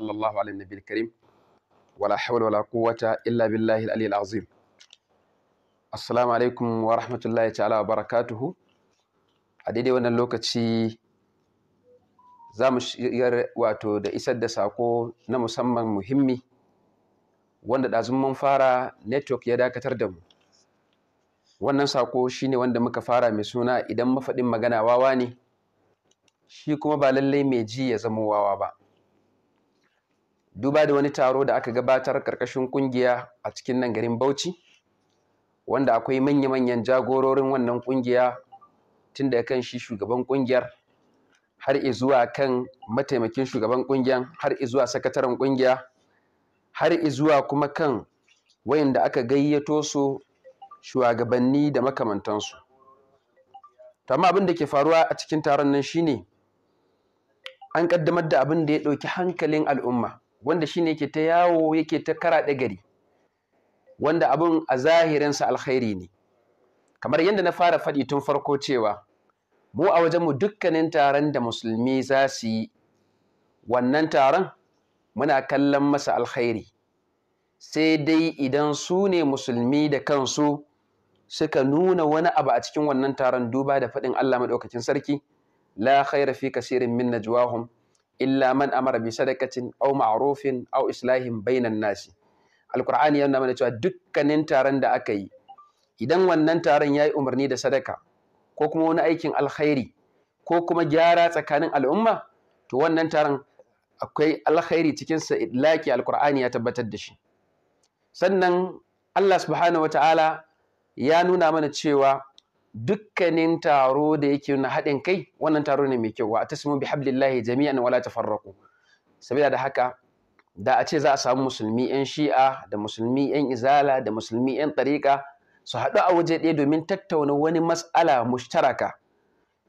sallallahu alaihi nabiyil karim wala hawla wala quwwata illa billahi al-aliyyil azim assalamu alaikum wa rahmatullahi ta'ala wa barakatuhu a daidai wannan lokaci zamu mu shigar wato da isar da sako na musamman muhimmi wanda ɗazun mun fara network ya dakatar da mu wannan sako shine wanda muka fara mai suna idan mafaɗin magana wawa ne shi kuma ba lallai mai ji ya zama wawa ba duba da wani taro da aka gabatar karkashin kungiya a cikin nan garin Bauchi wanda akwai manya-manyan jagororin wannan kungiya tun da kan shi shugaban kungiyar har izuwa kan mataimakin shugaban kungiyar har izuwa sakataren kungiya har zuwa kuma kan wayanda aka gayyato su shugabanni da makamantansu Ta ma abin da ke faruwa a cikin taron nan shine an kaddamar da abin da ya ɗauki hankalin al'umma wanda shine yake ta yawo yake ta karaɗe gari wanda abin a zahirinsa alkhairi ne kamar yadda na fara faɗi tun farko cewa mu a wajenmu dukkanin taron da musulmi za su yi wannan taron muna kallon masa alkhairi sai dai idan su ne musulmi da kansu suka nuna wani abu a cikin wannan taron duba da faɗin Allah maɗaukakin sarki la khaira fi kasirin min najwahum illa man amara bi sadaqatin aw ma'rufin aw islahin bainan nasi alqur'ani yana mana cewa dukkanin taron da aka yi idan wannan taron yayi umarni da sadaka ko kuma wani aikin alkhairi ko kuma gyara tsakanin al'umma to wannan taron akwai alkhairi cikin sa idlaki alqur'ani ya tabbatar da shi sannan Allah subhanahu wataala ya nuna mana cewa dukkanin taro da yake na haɗin kai wannan taro ne mai kyau wa tasmu bi hablillahi jami'an wala tafarraqu saboda da haka da a ce za a samu musulmi yan shi'a da musulmi yan izala da musulmi yan tariqa su haɗu a waje ɗaya domin tattauna wani mas'ala mushtaraka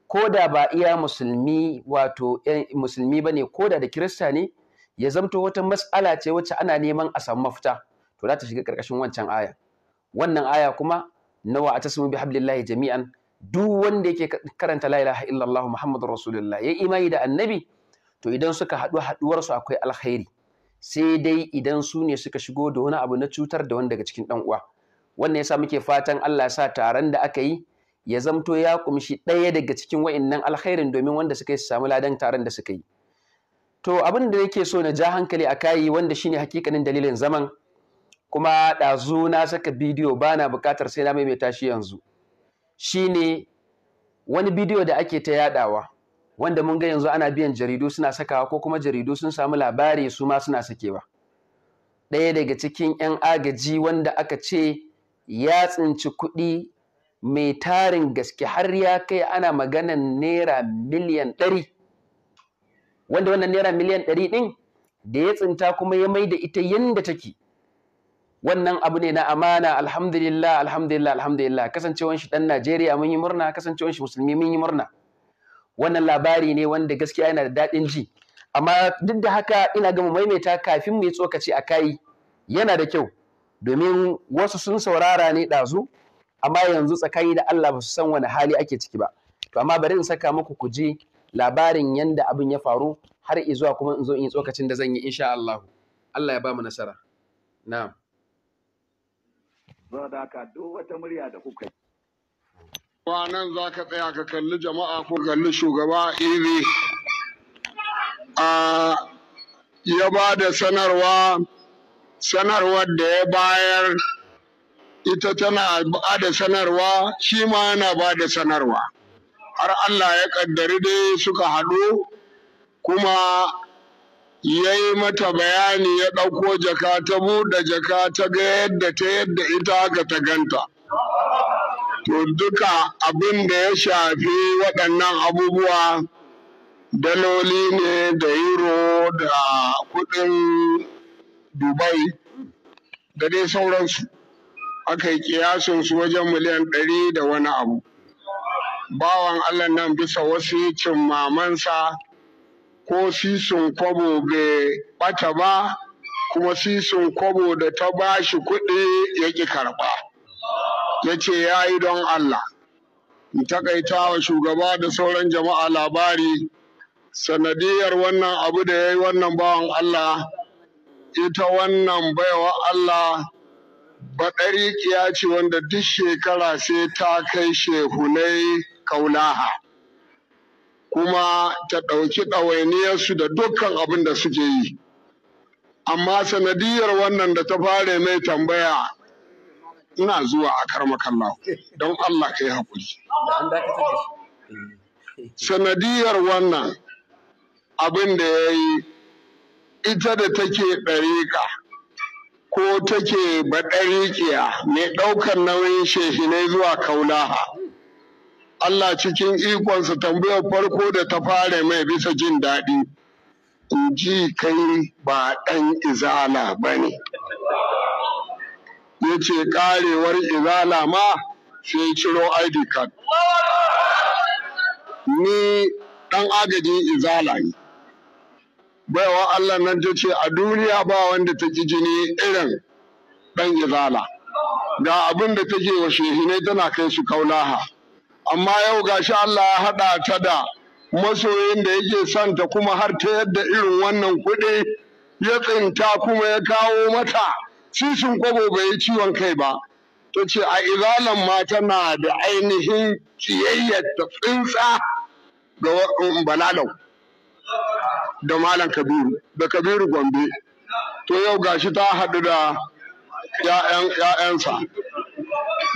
ko da ba iya musulmi wato musulmi bane ko da da kirista ne ya zamto wata mas'ala ce wacce ana neman a samu mafita to za ta shiga ƙarƙashin wancan aya wannan aya kuma nawa a bi hablillahi jami'an duk wanda yake karanta la ilaha illallah muhammadur rasulullah yi imani da annabi to idan suka haɗu haɗuwar su akwai alkhairi sai dai idan su ne suka shigo da wani abu na cutar da wani daga cikin dan uwa wannan yasa muke fatan Allah ya sa taron da aka yi ya zamto ya kumshi ɗaya daga cikin wa'innan alkhairin domin wanda suka yi su samu ladan taron da suka yi to abin da yake so na ja hankali a wanda shine hakikanin dalilin zaman kuma ɗazu na saka bidiyo ba na buƙatar sai na maimaita shi yanzu shine wani bidiyo da ake ta yaɗawa wanda mun ga yanzu ana biyan jaridu suna sakawa ko kuma jaridu sun samu labari su ma suna sakewa ɗaya daga cikin 'yan agaji wanda aka ce ya tsinci kuɗi mai tarin gaske har ya kai ana maganan naira miliyan ɗari wanda wannan naira miliyan ɗari ɗin da ya tsinta kuma ya mai da ita yadda take wannan abu ne na amana alhamdulillah alhamdulillah alhamdulillah kasancewan shi dan Najeriya mun yi murna kasancewan shi musulmi mun yi murna wannan labari ne wanda gaskiya yana da daɗin ji amma duk da haka ina gama maimaita kafin mu yi tsokaci a kai yana da kyau domin wasu sun saurara ne dazu amma yanzu tsakani da Allah ba su san wani hali ake ciki ba to amma bari in saka muku ku ji labarin yanda abin ya faru har izuwa kuma in zo in yi tsokacin da zan yi insha Allah Allah ya ba mu nasara na'am saboda nan za ka tsaya ka kalli jama'a ko kalli shugaba iri a ya ba da sanarwa sanarwar da ya bayar ita tana ba da sanarwa shi ma yana ba da sanarwa har Allah ya kaddari dai suka haɗu kuma ya yi mata bayani ya ɗauko jaka ta buɗe jaka ta ga yadda ta yadda ita ga ta ganta to duka abin da ya shafi waɗannan abubuwa daloli ne da euro da kuɗin dubai da dai sauransu aka yi kiyasinsu wajen miliyan ɗari da wani abu bawan allah nan bisa wasu cin mamansa ko sisun kwabo bai ɓata ba kuma sisun kwabo da ta ba shi kuɗi ya ƙi karɓa ya ce ya yi don Allah in takaita wa shugaba da sauran jama'a labari sanadiyar wannan abu da ya yi wannan bawan Allah ita wannan baiwa Allah baɗariƙiya ce wanda duk shekara sai ta kai shehunai kaunaha. kuma ta ɗauki ɗawainiyarsu da dukkan abin da suke yi amma sanadiyar wannan da ta fara mai tambaya ina zuwa a karmakallahu don Allah ka yi haƙuri sanadiyar wannan abin da ya yi ita da take ɗariƙa ko take baɗariƙiya mai ɗaukar nauyin shehinai zuwa kaulaha Allah cikin ikonsa tambayar farko da ta fara mai bisa jin daɗi in ji kai ba ɗan izala ba ne ya ce ƙarewar izala ma sai ciro ID card ni ɗan agajin izala ne baiwa Allah nan ta ce a duniya ba wanda ta ƙi jini irin ɗan izala ga abin da take wa shehinai tana kai su kaulaha amma yau gashi Allah ya haɗa ta da masoyin da yake son ta kuma har ta yadda irin wannan kuɗi ya tsinta kuma ya kawo mata sisin kwabo bai yi ciwon kai ba ta ce a izalan ma tana da ainihin ciyayyar ta tsintsa ga um, balalau da malam kabiru da kabiru gombe to yau gashi ta haɗu da 'ya'yansa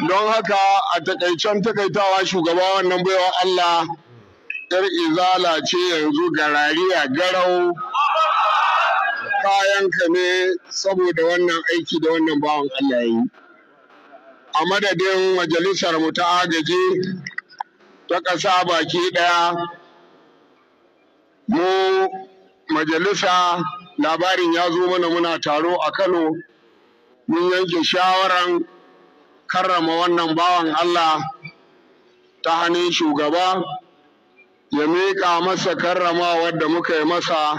don haka a takaicen takaitawa shugaba wannan baiwa Allah yar izala ce yanzu garariya garau kayan ka ne saboda wannan aiki da wannan bawan Allah yi a madadin majalisar mu ta agaji ta ƙasa baki ɗaya mu majalisa labarin ya zo mana muna taro a Kano mun yanke shawaran karrama wannan bawan Allah ta hannun shugaba ya miƙa masa karramawar da muka yi masa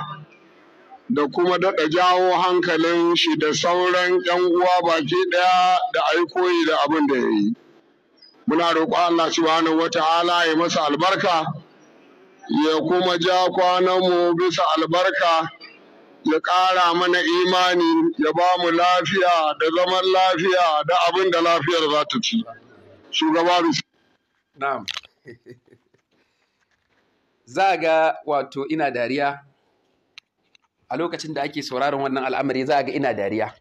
da kuma daɗa jawo hankalin shi da sauran ‘yan uwa baki ɗaya da aikoyi da abin da ya yi. Muna roƙo Allah wata wata'ala ya masa albarka, ya kuma ja kwananmu bisa albarka. ya ƙara mana imani ya ba mu lafiya da zaman lafiya da abin da lafiyar za ta ci shugaba na'am za ga wato ina dariya a lokacin da ake sauraron wannan al'amari za ga ina dariya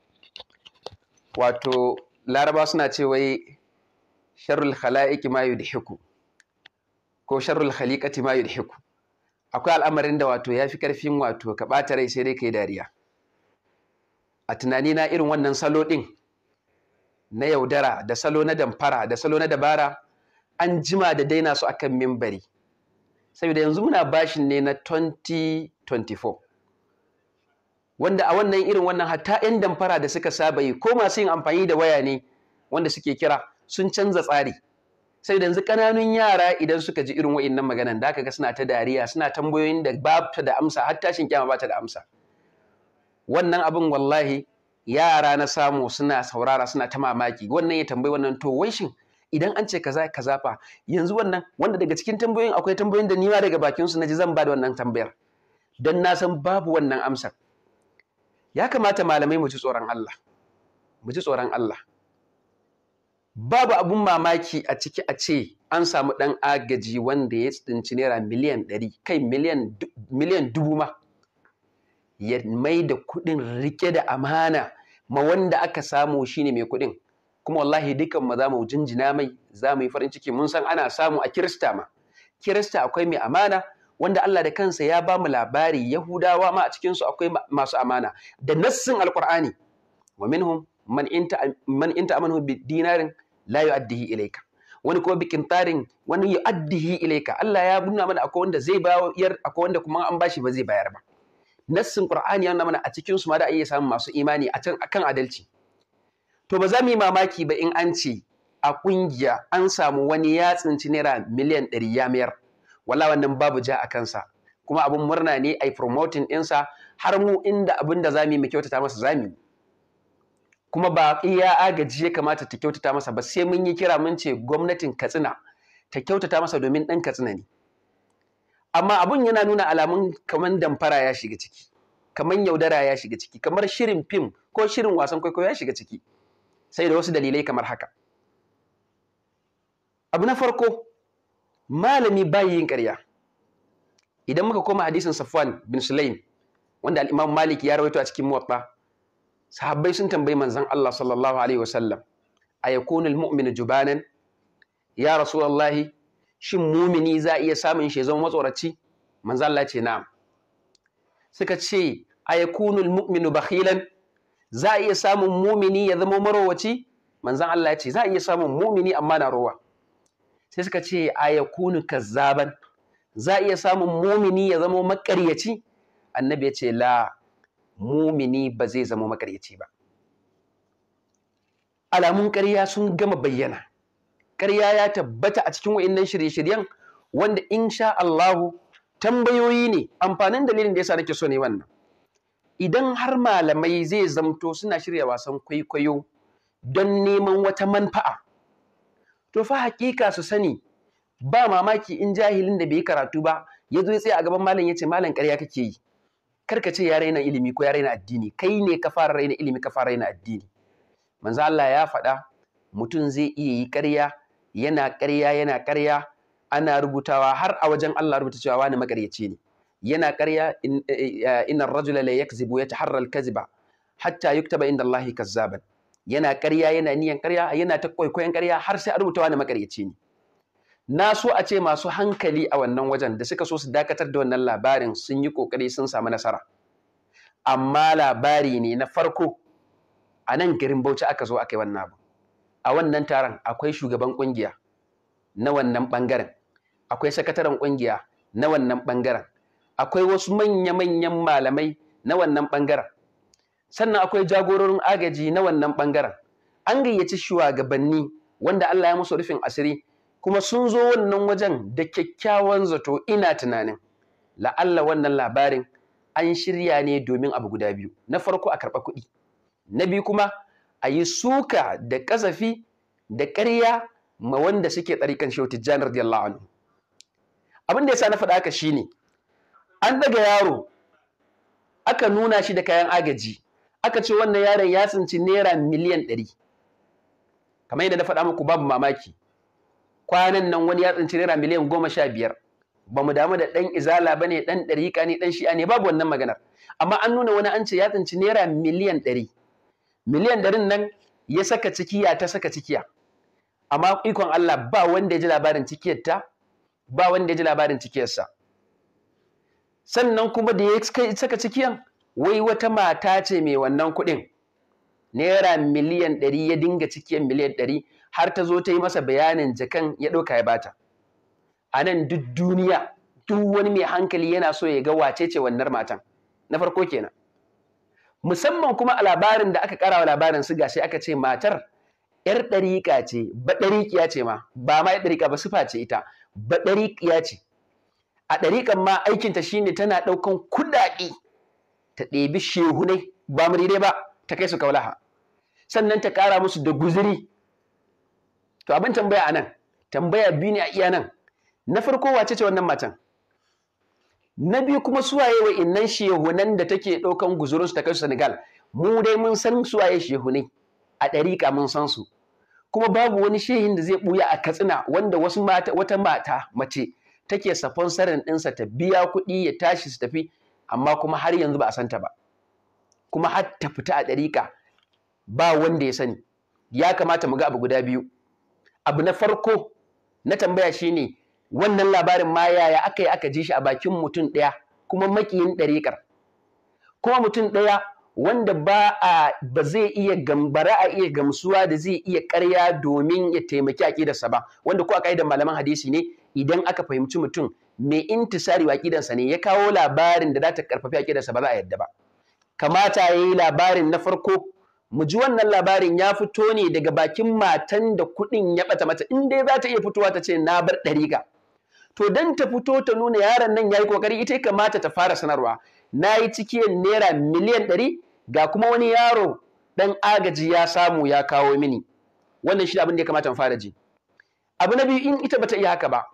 wato laraba suna ce wai sharrul mayu ma yudhiku ko sharrul khaliqati ma yudhiku akwai al'amarin da wato ya fi ƙarfin wato ka ɓata rai sai dai ka yi dariya a tunani na irin wannan salo ɗin na yaudara da salo na damfara da salo na dabara an jima da daina su akan mimbari saboda yanzu muna bashin ne na 2024 wanda a wannan irin wannan hatta 'yan damfara da suka saba yi ko masu yin amfani da waya ne wanda suke kira sun canza tsari sai yanzu kananun yara idan suka ji irin wa'innan maganan da ga suna ta dariya suna tambayoyin da ba ta da amsa har tashin kyama ba ta da amsa wannan abin wallahi yara na samu suna saurara suna ta mamaki wannan ya tambayi wannan to wai shin idan an ce kaza kaza fa yanzu wannan wanda daga cikin tambayoyin akwai tambayoyin da ni ma daga bakin su naji zan ba da wannan tambayar dan na san babu wannan amsar ya kamata malamai mu ji tsoron Allah mu ji tsoron Allah babu abun mamaki a ciki a ce an samu ɗan agaji wanda ya tsinci naira miliyan ɗari kai miliyan dubu ma ya mai da kuɗin rike da amana ma wanda aka samu shine mai kuɗin kuma wallahi dukan ma za mu jinjina mai za mu yi farin ciki mun san ana samu a kirista ma kirista akwai mai amana wanda Allah da kansa ya ba mu labari yahudawa ma a cikinsu akwai masu amana da nassin alkur'ani wa minhum man inta man inta amanu bi dinarin la yu'addihi ilayka wani kuma bikin tarin wani yu'addihi ilaika. Allah ya nuna mana akwai wanda zai bayar akwai wanda kuma an bashi ba zai bayar ba nassin qur'ani ya nuna mana a cikin su ma da iya samun masu imani a can akan adalci to ba za mu yi mamaki ba in an ce a kungiya an samu wani ya tsinci naira miliyan ɗari ya mayar wala wannan babu ja a kansa kuma abin murna ne a yi promoting ɗinsa har mu inda abin da za mu yi mu kyautata masa za mu yi kuma ba iya agaji ya kamata ta kyautata masa ba sai mun yi kira mun ce gwamnatin Katsina ta kyautata masa domin ɗan Katsina ne amma abun yana nuna alamun kamar damfara ya shiga ciki kamar yaudara ya shiga ciki kamar shirin fim ko shirin wasan kwaikwayo ya shiga ciki sai da wasu dalilai kamar haka abu na farko malami bayi yin karya. idan muka koma hadisin Safwan bin Sulaim wanda al Malik ya rawaito a cikin Muwatta sahabbai sun tambayi manzan Allah sallallahu alaihi wasallam ayakunul mu'minu jubanan ya rasulullahi shin mumini za iya samun shi zama matsoraci manzon Allah ce na'am suka ce ayakunul mu'minu bakhilan za iya samun mumini ya zama marowaci manzon Allah ya ce za iya samun mumini amma na rowa sai suka ce ayakunu kazzaban za a iya samun mumini ya zama makaryaci annabi ya ce la mumini ba zai zama makaryaci ba alamun ƙarya sun gama bayyana ƙarya ya tabbata a cikin wa'innan shirye-shiryen wanda insha Allahu tambayoyi ne amfanin dalilin da yasa nake so ne wannan idan har malamai zai zamto suna shirya wasan kwaikwayo don neman wata manfa'a to fa hakika su sani ba mamaki in jahilin da bai karatu ba ya zo ya tsaya a gaban malam ya ce malam ƙarya kake yi kar ka ce ya raina ilimi ko ya raina addini kai ne ka fara raina ilimi ka fara raina addini manzo Allah ya faɗa mutum zai iya yi ƙarya yana ƙarya yana ƙarya ana rubutawa har a wajen Allah rubuta cewa wani makaryaci ne yana ƙarya eh, eh, inna ar-rajula la yakzibu yataharra al-kaziba hatta yuktaba inda Allah kazzaban yana ƙarya yana niyan ƙarya yana ta kwaikwayon ƙarya har sai a rubuta wani makaryaci ne na so a ce masu hankali a wannan wajen da suka so su dakatar da wannan labarin sun yi kokari sun samu nasara amma labari ne na farko a nan garin Bauchi aka zo aka yi wannan abu a wannan taron akwai shugaban kungiya na wannan bangaren akwai sakataren kungiya na wannan bangaren akwai wasu manya-manyan malamai na wannan bangaren sannan akwai jagororin agaji na wannan bangaren an gayyaci shugabanni wanda Allah ya musu rufin asiri kuma sun zo wannan wajen da kyakkyawan zato ina tunanin la'alla wannan labarin an shirya ne domin abu guda biyu na farko a karɓa kuɗi na biyu kuma a yi suka da ƙazafi da ƙarya ma wanda suke tsarikan janar da yalla anhu abin da ya sa na faɗa haka shine an ɗaga yaro aka nuna shi da kayan agaji aka ce wannan yaron ya tsinci naira miliyan ɗari kamar yadda na faɗa muku babu mamaki kwanan nan wani ya tsinci naira miliyan goma sha biyar ba mu damu da ɗan izala ba ne ɗan ɗariƙa ne ɗan shi'a ne babu wannan maganar amma an nuna wani an ce ya tsinci naira miliyan ɗari miliyan ɗarin nan ya saka cikiya ta saka cikiya amma ikon Allah ba wanda ya ji labarin cikiyar ta ba wanda ya ji labarin cikiyarsa sannan kuma da ya saka cikiyan wai wata mata ce mai wannan kuɗin naira miliyan ɗari ya dinga cikiyan miliyan ɗari har ta zo ta yi masa bayanin jakan ya ɗauka ya bata a nan duk duniya duk wani mai hankali yana so ya ga wace ce wannan matan na farko kenan musamman kuma a labarin da aka ƙara wa labarin su gashi aka ce matar yar ɗariƙa ce baɗariƙiya ce ma ba ma yar ɗariƙa ba sufa ce ita baɗariƙiya ce a ɗariƙan ma aikinta shi ne tana ɗaukan kuɗaɗe ta ɗebi shehunai ba muridai ba ta kai su kaulaha sannan ta ƙara musu da guziri to abin tambaya a nan tambaya biyu ne a iya nan na farko wace ce wannan matan na biyu kuma suwaye wa innan shehunan da take ɗaukan guzurinsu ta kai Senegal mu dai mun san suwaye shehunai a ɗariƙa mun san su kuma babu wani shehin da zai ɓuya a katsina wanda wasu mata wata mata mace take sarin ɗinsa ta biya kuɗi ya tashi su tafi amma kuma har yanzu ba a santa ba kuma har ta fita a ɗariƙa ba wanda ya sani ya kamata mu ga abu guda biyu abu na farko na tambaya shine wannan labarin ma yaya aka yi aka ji shi a bakin mutum ɗaya kuma makiyin ɗariƙar kuma mutum ɗaya wanda ba a ba zai iya gambara a iya gamsuwa da zai iya ƙarya domin ya taimaki aƙidarsa ba wanda ko a da malaman hadisi ne idan aka fahimci mutum mai intisari wa aƙidarsa ne ya kawo labarin da za ta ƙarfafi aƙidarsa ba za a yadda ba kamata ya yi labarin na farko mu ji wannan labarin ya fito ne daga bakin matan da kuɗin ya ɓata mata in dai za ta iya fitowa ta ce na bar ɗari ga to dan ta fito ta nuna yaron nan ya yi ƙoƙari ita kamata ta fara sanarwa na yi cikin naira miliyan ɗari ga kuma wani yaro ɗan agaji ya samu ya kawo mini wannan shi abin da ya kamata mu fara ji abu na biyu in ita bata iya haka ba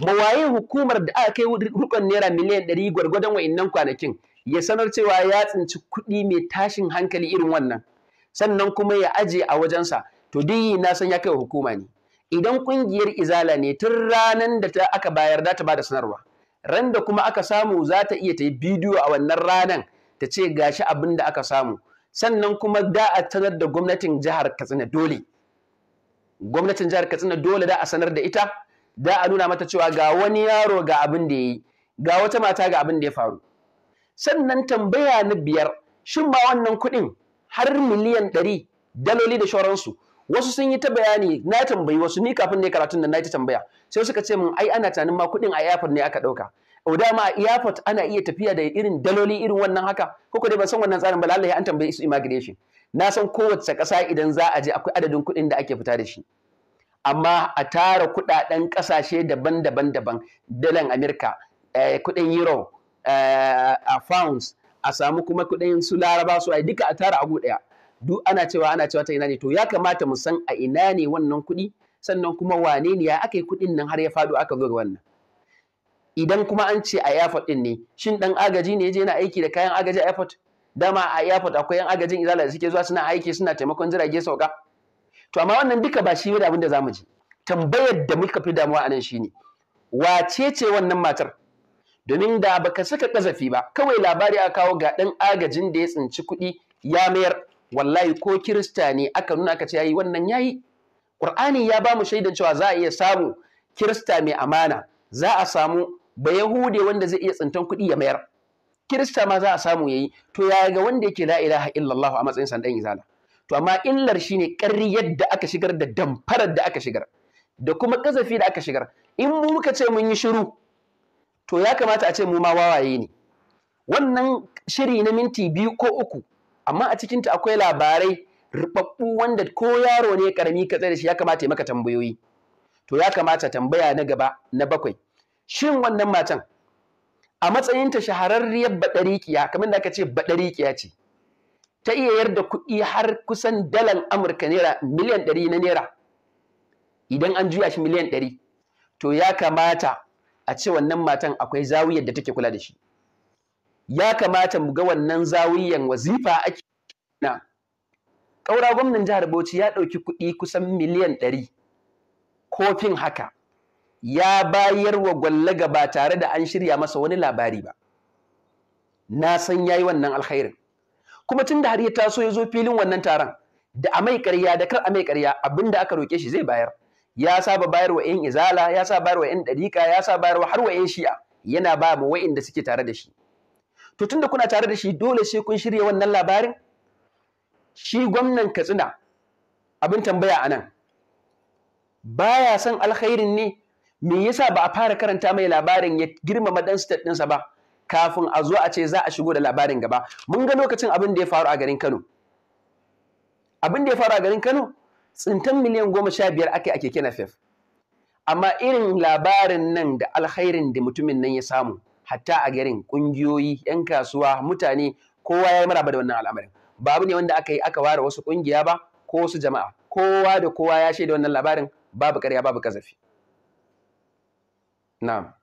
mawaye hukumar da aka kai rukun naira miliyan ɗari gwargwadon wa'innan kwanakin ya sanar cewa ya tsinci kuɗi mai tashin hankali irin wannan sannan kuma ya aje a wajensa to duk na san ya kai hukuma ne idan kungiyar izala ne tun ranan da ta aka bayar da ta bada sanarwa ran da kuma aka samu za ta iya ta yi bidiyo a wannan ranan ta ce gashi abin da aka samu sannan kuma da a sanar da gwamnatin jihar Katsina dole gwamnatin jihar Katsina dole da a sanar da ita da a nuna mata cewa ga wani yaro ga abin da yayi ga wata mata ga abin da ya faru sannan tambaya na biyar shin ma wannan kuɗin har miliyan ɗari daloli da shoransu wasu sun yi ta bayani na tambayi wasu ni kafin ne karatun da na ta tambaya sai suka ce min ai ana tunanin ma kuɗin a airport ne aka ɗauka o dama a airport ana iya tafiya da irin daloli irin wannan haka ko dai ban san wannan tsarin ba lallai an tambaye su immigration na san kowace ƙasa idan za a je akwai adadin kuɗin da ake fita da shi amma a tara kuɗaɗen ƙasashe daban-daban daban dalan Amerika eh, kuɗin euro eh, a pounds a samu kuma kuɗin su laraba su ai duka a tara abu ɗaya duk ana cewa ana cewa ta ina ne to ya kamata mu san a ina ne wannan kuɗi sannan kuma wane ne ya aka yi kuɗin nan har ya faɗo aka zo ga wannan idan kuma an ce a airport ɗin ne shin ɗan agaji ne ya je yana aiki da kayan agaji a airport dama a airport akwai yan agajin izala da suke zuwa suna aiki suna taimakon jirage sauka to amma wannan duka ba shi da abin da zamu ji tambayar da muka fi damuwa anan shine wace ce wannan matar domin da baka saka kazafi ba kawai labari a kawo ga ɗan agajin da ya tsinci kuɗi ya mayar wallahi ko kirista ne aka nuna aka ce yayi wannan yayi Qur'ani ya ba mu shaidan cewa za a iya samu kirista mai amana za a samu ba bayahude wanda zai iya tsintan kuɗi ya mayar kirista ma za a samu yayi to ya ga wanda yake la ilaha illallah a matsayin sandan izala to amma illar shine ƙarri da aka shigar da damfarar da aka shigar da kuma ƙazafi da aka shigar in mu muka ce mun yi shiru to ya kamata a ce mu ma wawaye ne wannan shiri na minti biyu ko uku amma a cikinta akwai labarai rubabbu wanda ko yaro ne karami ka tsare shi ya kamata ya maka tambayoyi to ya kamata tambaya na gaba na bakwai shin wannan matan a matsayinta shahararriyar baɗariƙiya kamar da aka ce baɗariƙiya ce ta iya yar da kuɗi har kusan dalan Amurka naira miliyan ɗari na naira idan an juya shi miliyan ɗari to ya kamata a ce wannan matan akwai zawiyar da take kula da shi ya kamata mu ga wannan zawiyan wazifa ake na ƙaura gwamnan jihar Bauchi ya ɗauki kuɗi kusan miliyan ɗari kofin haka ya bayar wa gwallaga gaba tare da an shirya masa wani labari ba na san yayi wannan alkhairin kuma tunda har ya taso ya zo filin wannan taron da amai ƙarya da kar amai ƙarya abinda aka roke shi zai bayar ya saba bayarwa yan izala ya saba bayarwa yan dariƙa ya saba bayarwa har wa yan shi'a yana ba mu wa'inda suke tare da shi to tunda kuna tare da shi dole sai kun shirya wannan labarin shi gwamnan Katsina abin tambaya anan baya son alkhairin ne me yasa ba a fara karanta mai labarin ya girmama dan state ɗinsa ba kafin a zo a ce za a shigo da labarin gaba mun ga lokacin abin da ya faru a garin Kano abin da ya faru a garin Kano tsintan miliyan goma sha biyar aka a keke na nafef amma irin labarin nan da alkhairin da mutumin nan ya samu hatta a garin ƙungiyoyi 'yan kasuwa mutane kowa ya yi maraba da wannan al'amarin ba ne wanda aka yi aka ware wasu ƙungiya ba ko wasu jama'a kowa da kowa ya shaida wannan labarin babu ƙarya babu kazafi na'am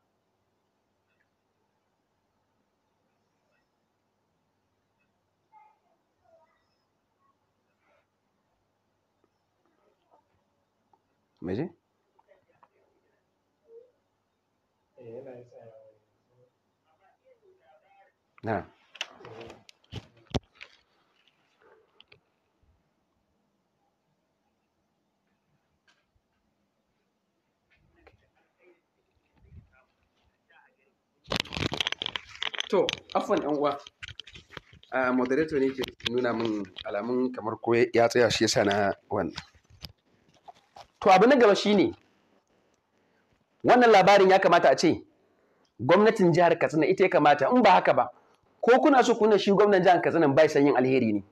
mai je To, afwan ɗan uwa. Uh, moderator ne ke nuna min alamun kamar ko ya tsaya shi yasa na wannan. to abu na gaba shi ne. wannan labarin ya kamata a ce gwamnatin jihar Katsina ita ya kamata in ba haka ba ko kuna so kuna shi gwamnan jihar Katsina bai san yin alheri ne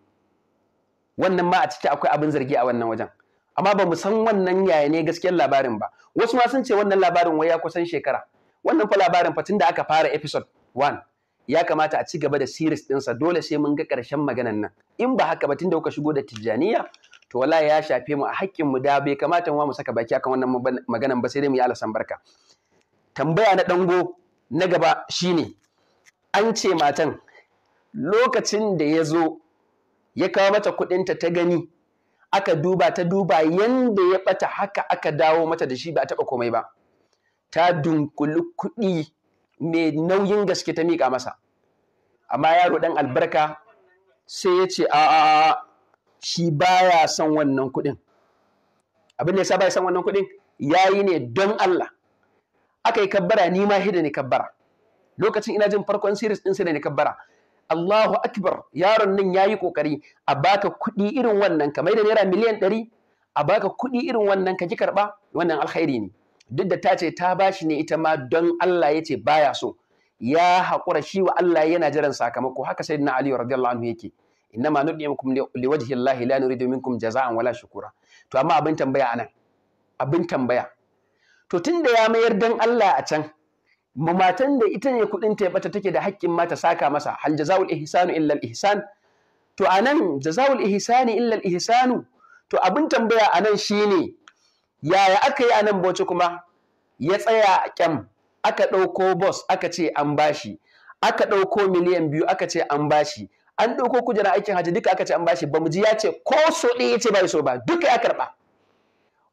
wannan ma a ciki akwai abin zargi a wannan wajen amma ba mu san wannan yaya ne gaskiyar labarin ba wasu ma sun ce wannan labarin wai ya kusan shekara wannan fa labarin fa tunda aka fara episode 1 ya kamata a ci gaba da series ɗinsa dole sai mun ga ƙarshen maganan nan in ba haka ba tunda kuka shigo da tijjaniya to wallahi ya shafe mu a haƙƙin mu da bai kamata mu saka baki akan wannan maganan ba sai dai mu yi alasan barka tambaya na dango na gaba shine an ce matan lokacin da ya zo ya kawo mata kuɗinta ta gani aka duba ta duba yanda ya ɓata haka aka dawo mata da shi ba a taɓa komai ba ta dunkuli kuɗi mai nauyin gaske ta miƙa masa amma yaro ɗan albarka sai ya ce a shi baya son wannan kuɗin abin da ya sa baya son wannan kuɗin yi ne don Allah aka yi kabbara ni ma hida ne kabbara lokacin ina jin farkon series din sai da ne kabbara Allahu akbar yaron nan yayi kokari a baka kuɗi irin wannan kamar da naira miliyan ɗari a baka kuɗi irin wannan ka ki karɓa wannan alkhairi ne duk da ta ce ta bashi ne ita ma don Allah ya ce baya so ya haƙura shi wa Allah yana jiran sakamako haka sai na Ali radiyallahu anhu yake innama nud'imukum wajhi Allah la nuridu minkum jaza'an wala shukura to amma abin tambaya anan abin tambaya to tunda ya mayar dan Allah a can matan da ita ne kudin ta bata take da haƙƙin mata saka masa hal jazaul ihsanu illa al ihsan to anan jazaul ihsani illa al ihsanu to abin tambaya anan shine yaya aka yi anan boci kuma ya tsaya kyam aka ɗauko boss aka ce an bashi aka ɗauko miliyan biyu aka ce an bashi an ɗauko kujera aikin hajji duka aka ce an bashi ba mu ji ya ce ko so ɗaya ya ce ya so ba duka ya karɓa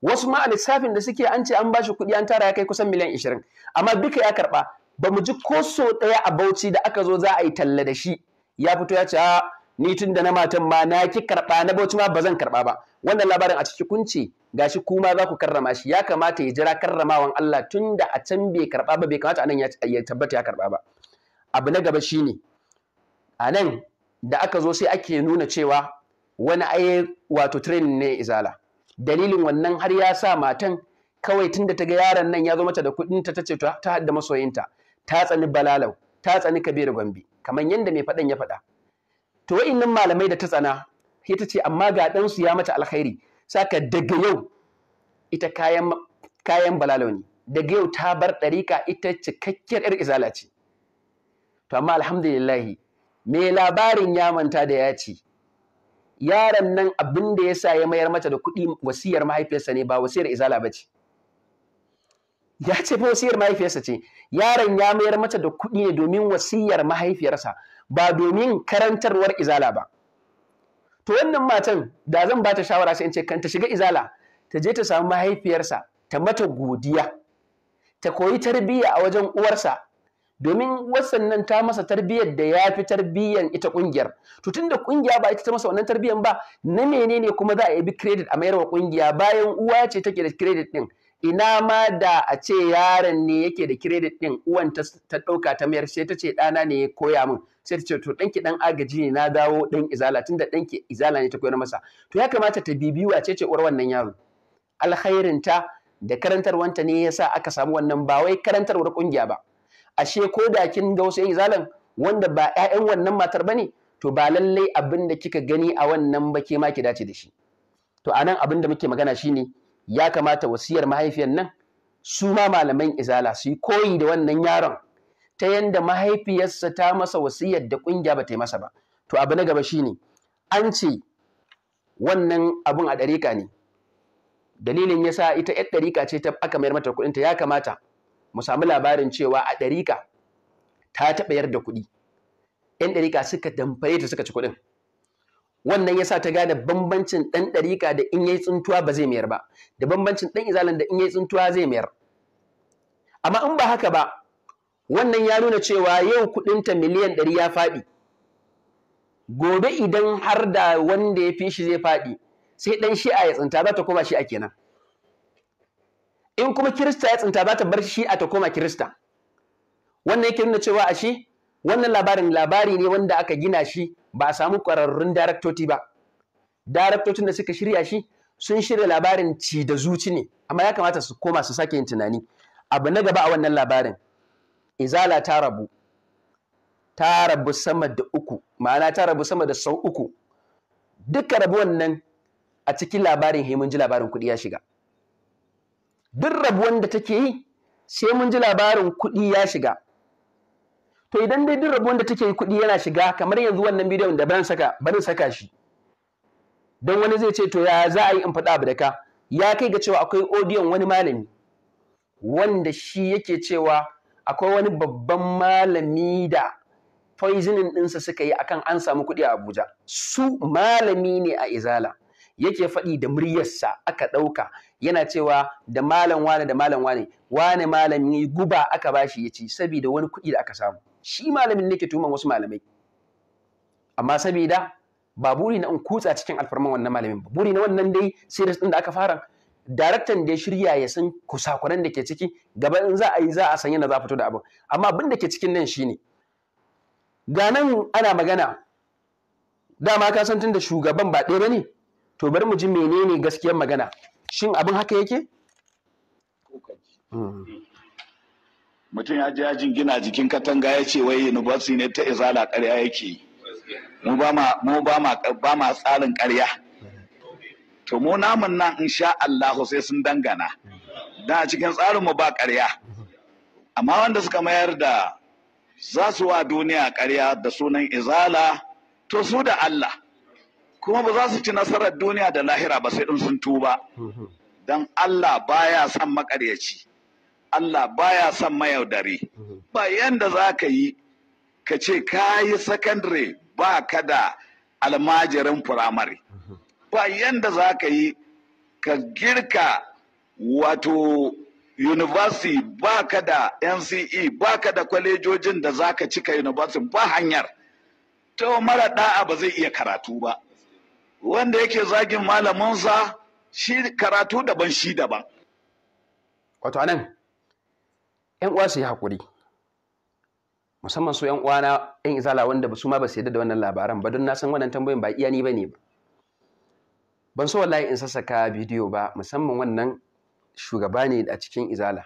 wasu ma a lissafin da suke an ce an bashi kuɗi an tara ya kai kusan miliyan ishirin amma duka ya karɓa ba mu ji ko so ɗaya a bauchi da aka zo za a yi talla da shi ya fito ya ce a ni tun da na matan ma na ki karɓa na bauchi ma ba zan karɓa ba wannan labarin a ciki ga shi kuma za ku karrama shi ya kamata ya jira karramawan Allah tun da a can bai karɓa ba bai kamata anan ya tabbata ya karɓa ba abu na gaba shine a nan da aka zo sai ake nuna cewa wani aye wato training ne izala dalilin wannan har ya sa matan kawai tun da ta ga yaron nan ya zo mata da kuɗin ta tace ta hadda masoyinta ta tsani balalau ta tsani kabiru gombe kamar yadda mai faɗan ya faɗa to wa'innan malamai da ta tsana sai ta ce amma ga su ya mata alkhairi saka daga yau ita kayan kayan balalau ne daga yau ta bar ɗarika ita cikakkiyar ‘yar izala ce to amma alhamdulillahi me labarin ya manta da ya ce yaron nan abin da ya sa ya mayar mata da kuɗi wasiyar mahaifiyarsa ne ba wasiyar izala ba ce ya ce ba wasiyar mahaifiyarsa ce yaron ya mayar mata da kuɗi ne domin wasiyar mahaifiyarsa ba domin karantarwar izala ba to wannan matan da zan ba ta shawara sai in ce kan ta shiga izala ta je ta samu mahaifiyarsa ta mata godiya ta koyi tarbiyya a wajen uwarsa domin wasan ta masa tarbiyyar da ya fi tarbiyyar ita ƙungiyar, to da kungiya ba ita ta masa wannan tarbiyyar ba na menene kuma za a bi credit a mayar wa kungiya bayan uwa ce take da credit din ina ma da a ce yaron ne yake da credit ɗin, uwan ta ɗauka ta mayar sai ta ce ɗana ne ya koya min sai ta ce to ɗanki ɗan agaji ne na dawo ɗan izala tun da ɗanki izala ne ta koyar masa to ya kamata ta bibiyu a ce ce uwar wannan yaro alkhairinta da karantarwanta ne yasa aka samu wannan ba wai karantarwar kungiya ba ashe ko da kin ga wasu yan izalan wanda ba ƴaƴan wannan matar ba ne? to ba lallai abin da kika gani a wannan ba ke ma ki dace da shi to anan abin da muke magana shine ya kamata wasiyar mahaifiyar nan su ma malaman izala su yi koyi da wannan yaron ta yanda mahaifiyarsa ta masa wasiyar da kungiya ba ta yi masa ba to abu na gaba shine an ce wannan abun a ɗarika ne dalilin yasa ita 'yar ɗarika ce ta aka mayar mata kuɗinta ya kamata mu samu labarin cewa a ɗarika ta taɓa yarda kuɗi ‘yan ɗarika suka damfare ta suka ci kuɗin wannan yasa ta gane bambancin ɗan ɗarika da in yayi tsuntuwa ba zai mayar ba da bambancin ɗan izalan da in yayi tsuntuwa zai mayar amma in ba haka ba wannan ya nuna cewa yau kuɗin ta miliyan ɗari ya faɗi gobe idan har da wanda ya fi shi zai faɗi sai ɗan shi'a ya tsinta za ta koma shi'a kenan in kuma kirista ya tsinta za ta bar shi ta koma kirista wannan yake nuna cewa shi wannan labarin labari ne wanda aka gina shi ba a samu ƙwararrun daraktoci ba daraktocin da suka shirya shi sun shirya labarin ci da zuci ne amma ya kamata su koma su sake yin tunani abu na gaba a wannan labarin izala ta rabu ta rabu sama da uku ma'ana ta rabu sama da sau uku duka rabuwan nan a cikin labarin himun ji labarin kuɗi ya shiga duk rabuwan da take yi sai mun ji labarin kuɗi ya shiga to idan dai duk rabuwan da take yi kuɗi yana shiga kamar yanzu wannan bidiyon da ban saka ban saka shi don wani zai ce to ya za a yi in faɗa abu da ka ya kai ga cewa akwai odiyon wani malami wanda shi yake cewa akwai wani babban malami da poisoning ɗinsa suka yi akan an samu kuɗi a Abuja su malami ne a Izala yake faɗi da muryarsa aka ɗauka yana cewa da malam wane da malam wane wane malami guba aka bashi ya ci saboda wani kuɗi da aka samu shi malamin ne ke tuman wasu malamai amma saboda ba buri na in kutsa cikin alfarman wannan malamin ba buri na wannan dai sai din da aka fara daraktan da ya shirya ya san kusakuran da ke ciki gaba in za a yi za a san yana za a fito da abin amma abin da ke cikin nan shine ga nan ana magana dama ka san tun da shugaban ba ɗaya ba ne to bari mu ji menene gaskiyar magana shin abin haka yake hmm. mutum ya je ya jingina jikin katanga ya ce wai university ne ta izala ƙarya yake yi mu ba ma ba ma tsarin karya. to mu namun nan sha Allah sai sun dangana da cikin tsarin mu ba karya. amma wanda suka mayar da za su wa duniya karya da sunan izala to su da Allah kuma ba za su ci nasarar duniya da lahira ba sai ɗin sun tuba Don Allah baya son makaryaci Allah baya son mayaudari ba yanda za ka yi ka ce ka yi secondary ba ka da almajirin firamare ba yanda za ka yi ka girka wato university ba ka da nce ba ka da kwalejojin da za ka cika university ba hanyar ta mara ɗa'a ba zai iya karatu ba wanda yake zagin malaminsa shi karatu daban shi daban wato anan yan uwa su yi hakuri musamman su yan uwa na yan izala wanda ba su ma ba su yadda da wannan labaran ba don na san wannan tambayin ba iya ni ne ba ban so wallahi in sassaka bidiyo ba musamman wannan shugaba ne a cikin izala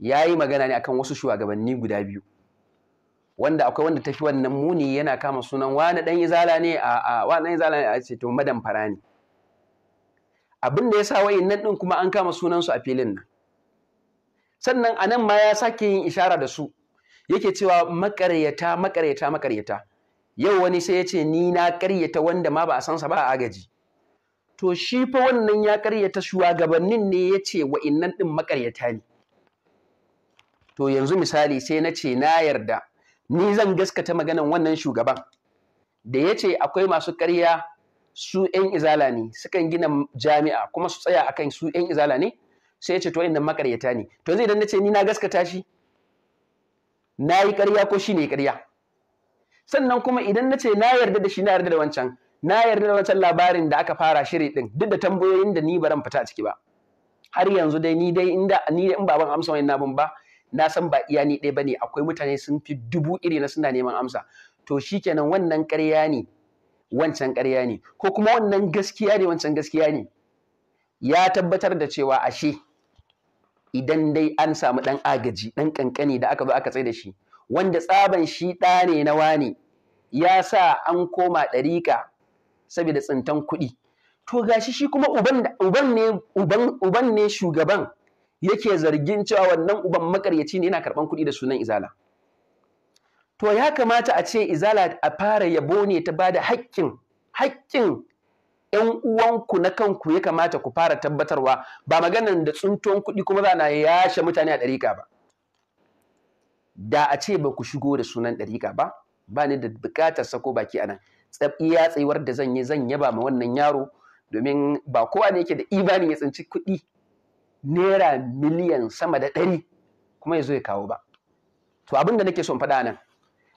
ya yi magana ne akan wasu shugabanni guda biyu wanda akwai wanda tafi wannan muni yana kama sunan wani dan izala ne a a wani dan izala ne a ce to madan fara ne abin da yasa wayannan din kuma an kama sunan su a filin nan sannan anan ma ya sake yin ishara da su yake cewa makaryata makaryata makaryata yau wani sai ya ce ni na karyata wanda ma ba a san sa ba a agaji to shi fa wannan ya karyata shugabannin ne ya ce wa'innan din makaryata ne to yanzu misali sai na ce na yarda ni zan gaskata maganan wannan shugaban da ya ce akwai masu karya su 'yan izala ne sukan gina jami'a kuma su tsaya akan su 'yan izala ne sai ya ce to inda makaryata ne to zai na ce ni na gaskata shi na yi ƙarya ko shi ne ƙarya sannan kuma idan na ce na yarda da shi na yarda da wancan na yarda da wancan labarin da aka fara shiri din duk da tambayoyin da ni baran fita ciki ba har yanzu dai ni dai inda ni in baban amsa wannan abun ba na san ba iya ni ɗaya bane akwai mutane sun fi dubu iri na suna neman amsa to shikenan wannan ƙarya ne wancan ƙarya ne ko kuma wannan gaskiya ne wancan gaskiya ne ya tabbatar da cewa ashe idan dai an samu ɗan agaji ɗan ƙanƙani da aka zo aka tsaye da shi wanda tsaban shi ɗa ne na wane ya sa an koma ɗarika saboda tsintan kuɗi to gashi shi kuma uban ne shugaban yake zargin cewa wannan uban makaryaci ne yana karɓan kuɗi da sunan izala to ya kamata a ce izala a fara yabo ne ta bada haƙƙin haƙƙin ‘yan uwanku na kanku ya kamata ku fara tabbatarwa ba maganan da tsuntuwan kuɗi kuma za na yashe mutane a ɗarika ba da a ce ba ku shigo da sunan ɗarika ba ba ni da buƙatar sako baki a nan iya tsayuwar da zan yi zan yaba ma wannan yaro domin ba kowa ne yake da imani ya tsinci kuɗi naira miliyan sama da ɗari kuma ya zo ya kawo ba to abin da nake son faɗa nan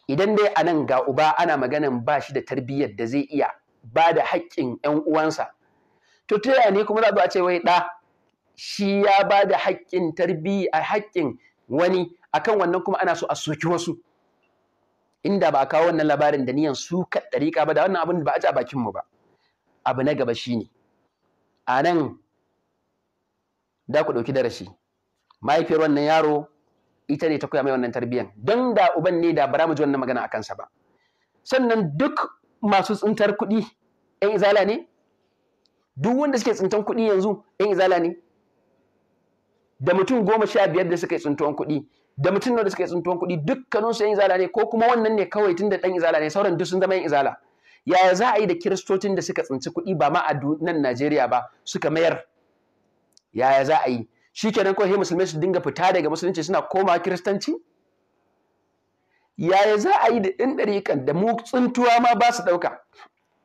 idan dai a nan ga uba ana maganan ba shi da tarbiyyar da zai iya ba da haƙƙin 'yan uwansa to ta ne kuma za a ce wai ɗa shi ya ba da haƙƙin tarbiyya a haƙƙin wani akan wannan kuma ana so a soki wasu inda ba a kawo wannan labarin da niyan su ɗariƙa ba da wannan abin da ba a ci a bakinmu ba abu na gaba shi ne, a nan da ku ɗauki darasi mahaifiyar wannan yaro ita ne ta koya mai wannan tarbiyyan don da uban ne da bara mu ji wannan magana a kansa ba sannan duk masu tsintar kuɗi ‘yan izala ne duk wanda suke tsintan kuɗi yanzu ‘yan izala ne da mutum goma sha biyar da suka yi tsintuwan kuɗi da mutum da suka yi tsintuwan kuɗi dukkaninsu ‘yan izala ne ko kuma wannan ne kawai tun da ɗan izala ne sauran duk sun zama ‘yan izala yaya za a yi da kiristocin da suka tsinci kuɗi ba ma a nan Najeriya ba suka mayar yaya za a yi shikenan ko sai musulmai su dinga fita daga musulunci suna koma kiristanci yaya za a yi da ɗan ɗarika da mu tsuntuwa ma ba su ɗauka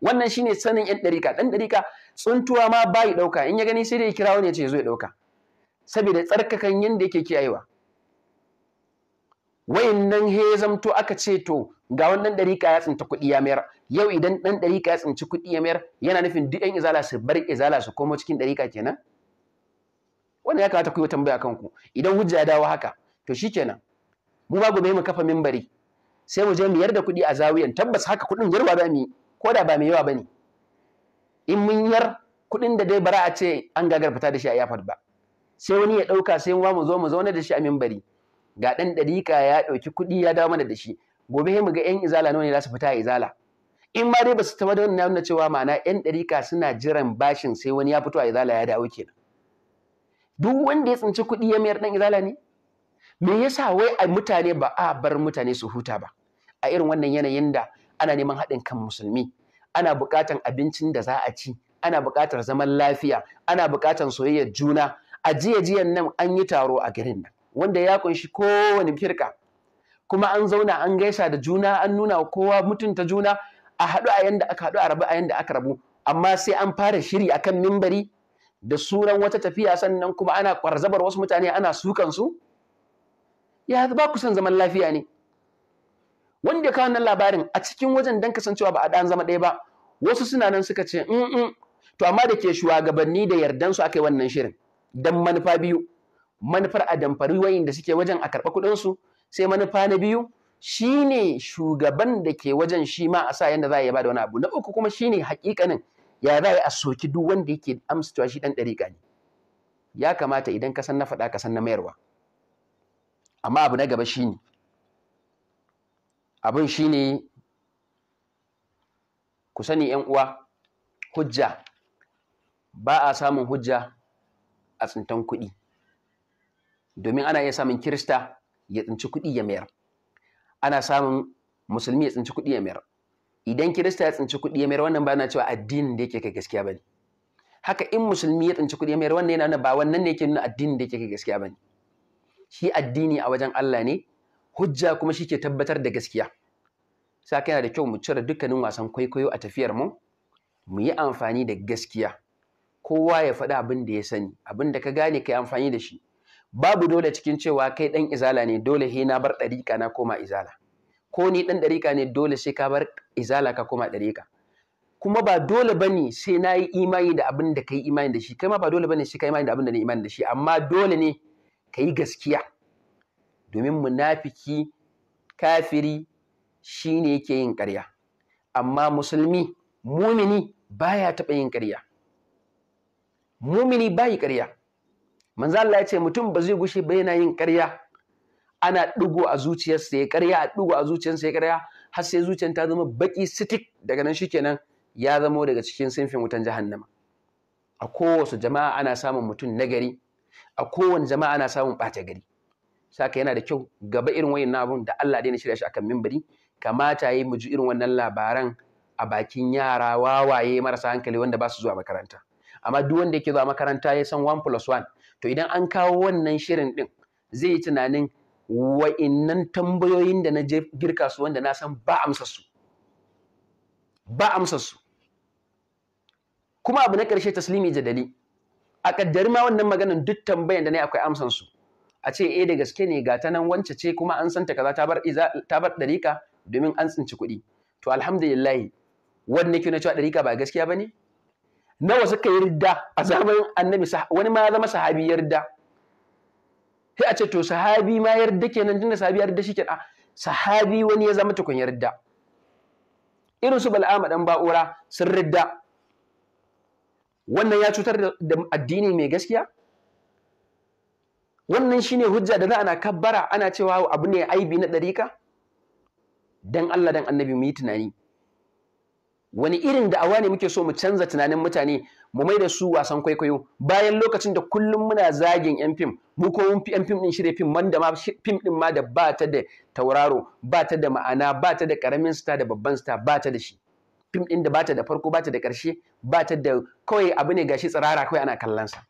wannan shine sanin ɗan ɗarika, ɗan ɗarika tsuntuwa ma ba yi ɗauka in ya gani sai dai kira wani ya ce zo ya ɗauka saboda tsarkakan yadda yake kiyayewa nan he zamto aka ce to ga wannan ɗarika ya tsinta kuɗi ya mayar yau idan ɗan ɗarika ya tsinci kuɗi ya mayar yana nufin duk ɗan izala su bar izala su komo cikin ɗarika kenan wannan ya kamata ku yi tambaya kanku idan hujja ya dawo haka to shi shikenan mu ba gobe mu kafa mimbari sai mu je mu yarda kuɗi a zawiyan tabbas haka kuɗin yarwa za mu yi ko da ba mai yawa bane in mun yar kuɗin da dai bara a ce an gagar fita da shi a yafar ba sai wani ya ɗauka sai mu mu zo mu zauna da shi a mimbari ga ɗan ɗariƙa ya ɗauki kuɗi ya dawo mana da shi gobe mu ga 'yan izala nawa ne za su fita a izala in ma dai ba su taɓa da wannan cewa ma'ana 'yan ɗariƙa suna jiran bashin sai wani ya fito a izala ya dawo kenan duk wanda ya tsinci kuɗi ya mayar ɗan izala ne me yasa wai a mutane ba a bar mutane su huta ba a irin wannan yanayin da ana neman haɗin kan musulmi ana buƙatar abincin da za a ci ana buƙatar zaman lafiya ana buƙatar soyayyar juna a jiya jiyan nan an yi taro a garin nan wanda ya kunshi kowane firka kuma an zauna an gaisa da juna an nuna kowa mutunta juna a haɗu a yanda aka haɗu a rabu a yanda aka rabu amma sai an fara shiri akan mimbari da suran wata tafiya sannan kuma ana kwarzabar wasu mutane ana sukan su ya ba ku son zaman lafiya ne wanda ya kawo labarin a cikin wajen dan kasancewa ba a dan zama ɗaya ba wasu suna nan suka ce in mm, mm. to amma da ke shugabanni da yardan su aka yi wannan shirin dan manufa biyu manufar a damfari wayanda suke wajen a karɓa kuɗin su sai manufa na biyu shine shugaban da ke wajen shi ma a sa yanda za a yi ba da wani abu na uku kuma shine hakikanin ya za a soki duk wanda yake amsa shi dan dariƙa ne ya kamata idan ka san na faɗa ka san na mayarwa amma abu na gaba shine abin shine ku sani ƴan uwa hujja ba a samun hujja a tsintan kuɗi domin ana iya samun kirista ya tsinci kuɗi ya mayar ana samun musulmi ya tsinci kuɗi ya mayar idan kirista ya tsinci kuɗi ya mayar wannan ba na cewa addinin da yake kai gaskiya bane haka in musulmi ya tsinci kuɗi ya mayar wannan yana nuna ba wannan ne yake nuna addinin da yake kai gaskiya bane shi addini a wajen Allah ne hujja kuma shi ke tabbatar da gaskiya saka yana da kyau mu cire dukkanin wasan kwaikwayo a tafiyar mu mu yi amfani da gaskiya kowa ya faɗa abin da ya sani abin da ka gane kai amfani da shi babu dole cikin cewa kai dan izala ne dole he na bar ɗariƙa na koma izala ko ni ɗan ɗariƙa ne dole sai ka bar izala ka koma ɗarika kuma ba dole bane sai na yi imani da abin da ka yi imani da shi kai ma ba dole bane sai ka yi imani da abin da na imani da shi amma dole ne ka yi gaskiya domin munafiki kafiri shine yake yin ƙarya amma musulmi mumini baya taɓa yin ƙarya mumini bai ƙarya manzo Allah ya ce mutum ba zai gushe ba yana yin ƙarya ana ɗigo a zuciyarsa ya karya a ɗigo a zuciyarsa ya karya har sai zuciyar ta zama baki sitik daga nan shikenan ya zamo daga cikin sinfin wutan jahannama a kowace jama'a ana samun mutum nagari a kowane jama'a ana samun ɓata gari saka yana da kyau gaba irin wayan abun da Allah dai na shirya shi akan mimbari kamata yi mu ji irin wannan labaran a bakin yara wawaye marasa hankali wanda ba su zuwa makaranta amma duk wanda yake zuwa makaranta ya san 1 plus 1 to idan an kawo wannan shirin din zai yi tunanin wa'innan tambayoyin da na je girka su wanda na san ba amsa su ba amsa su kuma abu na ƙarshe taslimi jadali a kaddari ma wannan maganan duk tambayan da ne akwai amsan su a ce eh da gaske ne ga ta nan wance ce kuma an santa kaza ta bar ta bar dariƙa domin an tsinci kuɗi to alhamdulillah wanne ke na cewa dariƙa ba gaskiya bane nawa suka yarda a zamanin annabi wani ma zama sahabi yarda sai a ce to sahabi ma yarda kenan tunda sahabi yarda shi kenan ah, sahabi wani ya zama tukun yarda irin su bal'ama dan ba'ura sun ridda wannan ya cutar da addini mai gaskiya wannan shine hujja da za ana kabbara ana cewa abu ne aibi na ɗarika dan Allah dan annabi mu yi tunani wani irin da da'awa ne muke so mu canza tunanin mutane mu mai da su wasan kwaikwayo bayan lokacin da kullum muna zagin yan fim mu ko mun fi yan fim din shirye fim man ma fim din ma da ba ta da tauraro ba ta da ma'ana ba ta da karamin sta, da babban sta, ba ta da shi fim din da ba ta da farko ba ta da karshe ba ta da kawai abu ne gashi tsirara kawai ana kallon sa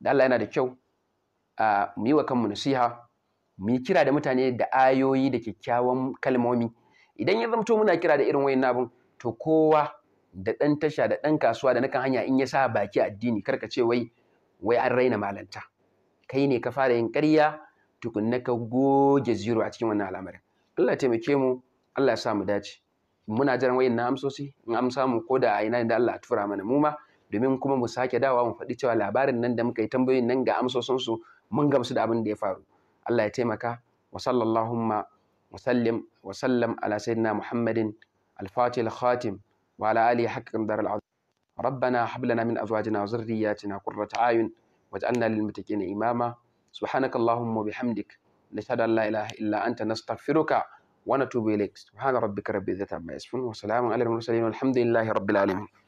da Allah yana da kyau a mu yi wa kanmu nasiha mu yi kira da mutane da ayoyi da kyakkyawan kalmomi idan ya zamto muna kira da irin wayannan abun to kowa da ɗan tasha da ɗan kasuwa da nakan hanya in ya sa baki addini karka ce wai wai an raina malanta kai ne ka fara yin ƙarya tukunna ka goge ziro a cikin wannan al'amarin Allah taimake mu Allah ya sa mu dace muna jiran wayan na amsoshi in amsa mu ko da a ina da Allah tura mana mu ma domin kuma mu sake dawa mu faɗi cewa labarin nan da muka yi tambayoyin nan ga amsoshin su mun gamsu da abin da ya faru Allah ya taimaka wa sallallahu wa wa sallam ala sayyidina Muhammadin al-Fatih al-Khatim وعلى آله حق قدر العظيم ربنا هب لنا من أزواجنا وذرياتنا قرة أعين واجعلنا للمتقين إماما سبحانك اللهم وبحمدك نشهد أن لا إله إلا أنت نستغفرك ونتوب إليك سبحان ربك رب العزة عما يصفون وسلام على المرسلين والحمد لله رب العالمين